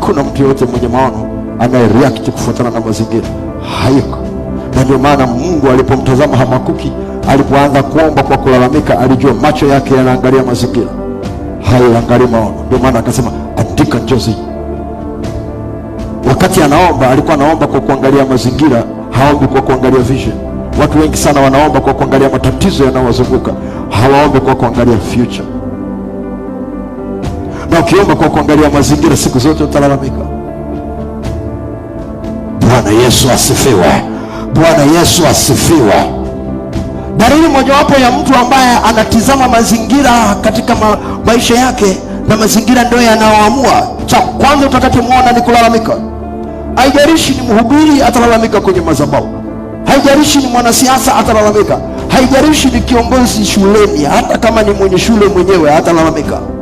hakuna mtu yoyote mwenye maono anayereact kufuatana na mazingira, hayuko. Na ndio maana Mungu alipomtazama Hamakuki alipoanza kuomba kwa kulalamika, alijua macho yake yanaangalia mazingira, hayaangalii maono. Ndio maana akasema andika njozi. Wakati anaomba alikuwa anaomba kwa kuangalia mazingira, haombi kwa kuangalia vision. Watu wengi sana wanaomba kwa kuangalia matatizo yanayowazunguka, hawaombi kwa kuangalia future na ukiomba kwa kuangalia mazingira siku zote utalalamika. Bwana Yesu asifiwe! Bwana Yesu asifiwe! Dalili mojawapo ya mtu ambaye anatizama mazingira katika ma maisha yake, na mazingira ndio yanayoamua cha kwanza utakachomwona ni kulalamika. Haijalishi ni mhubiri atalalamika kwenye madhabahu, haijalishi ni mwanasiasa atalalamika, haijalishi ni kiongozi shuleni, hata kama ni mwenye shule mwenyewe atalalamika.